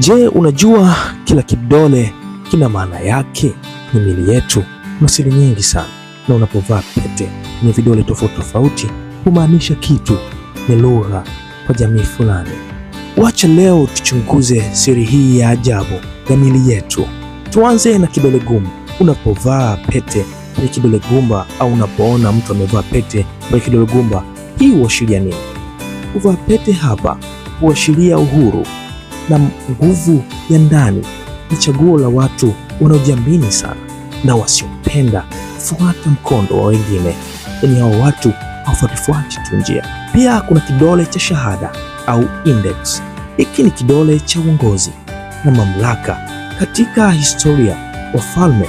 Je, unajua kila kidole kina maana yake? Ni mili yetu na siri nyingi sana, na unapovaa pete kwenye vidole tofauti tofauti humaanisha kitu, ni lugha kwa jamii fulani. Wacha leo tuchunguze siri hii ya ajabu ya mili yetu. Tuanze na kidole gumba. Unapovaa pete kwenye kidole gumba au unapoona mtu amevaa pete kwenye kidole gumba, hii huashiria nini? Kuvaa pete hapa huashiria uhuru na nguvu ya ndani ni chaguo la watu wanaojiamini sana na wasiopenda kufuata mkondo wa wengine, yaani hao watu hawafuatifuati tu njia. Pia kuna kidole cha shahada au index. Hiki ni kidole cha uongozi na mamlaka. Katika historia, wafalme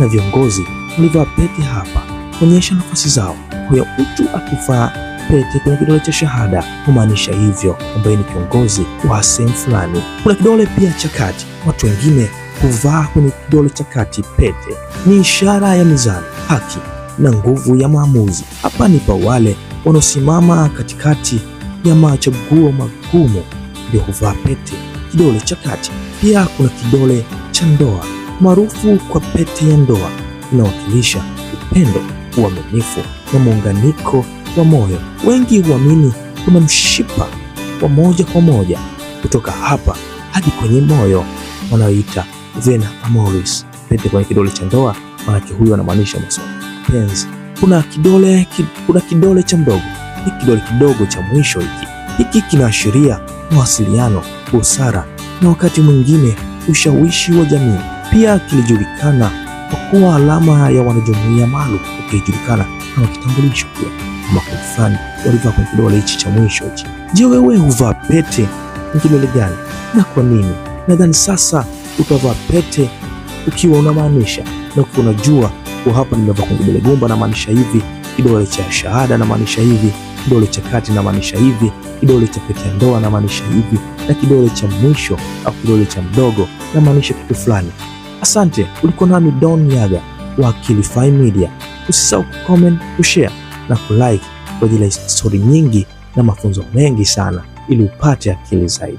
na viongozi walivyowapeti hapa kuonyesha nafasi zao. Huyo mtu akivaa pete kwenye kidole cha shahada humaanisha hivyo ambaye ni kiongozi wa sehemu fulani. Kuna kidole pia cha kati. Watu wengine kuvaa kwenye kidole cha kati pete ni ishara ya mizani, haki na nguvu ya maamuzi. Hapa ni pa wale wanaosimama katikati ya machaguo magumu, ndio huvaa pete kidole cha kati. Pia kuna kidole cha ndoa maarufu kwa pete ya ndoa, inawakilisha upendo, uaminifu na muunganiko wa moyo. Wengi huamini kuna mshipa wa moja kwa moja kutoka hapa hadi kwenye moyo wanaoita vena amoris pete kwenye kidole cha ndoa. Manake huyo anamaanisha masuala penzi. Kuna kidole ki, kuna kidole cha mdogo, ni kidole kidogo cha mwisho hiki hiki kinaashiria mawasiliano, busara na wakati mwingine ushawishi wa jamii. Pia kilijulikana kwa kuwa alama ya wanajumuiya maalum ukijulikana kama kitambulisho. Pia makundi fulani walivaa kwenye kidole hichi cha mwisho hichi. Je, wewe huvaa pete kidole gani na kwa nini? Nadhani sasa utavaa pete ukiwa unamaanisha na ukiwa unajua kwa hapa nimevaa kwenye kidole gumba na maanisha hivi, kidole cha shahada na maanisha hivi, kidole cha kati na maanisha hivi, kidole cha pete ya ndoa na maanisha hivi, na kidole cha mwisho au kidole cha mdogo na maanisha kitu fulani. Asante, ulikuwa nami Don Yaga wa Akilify Media. Usisahau kucomment, kushare na kulike kwa ajili ya stori nyingi na mafunzo mengi sana, ili upate akili zaidi.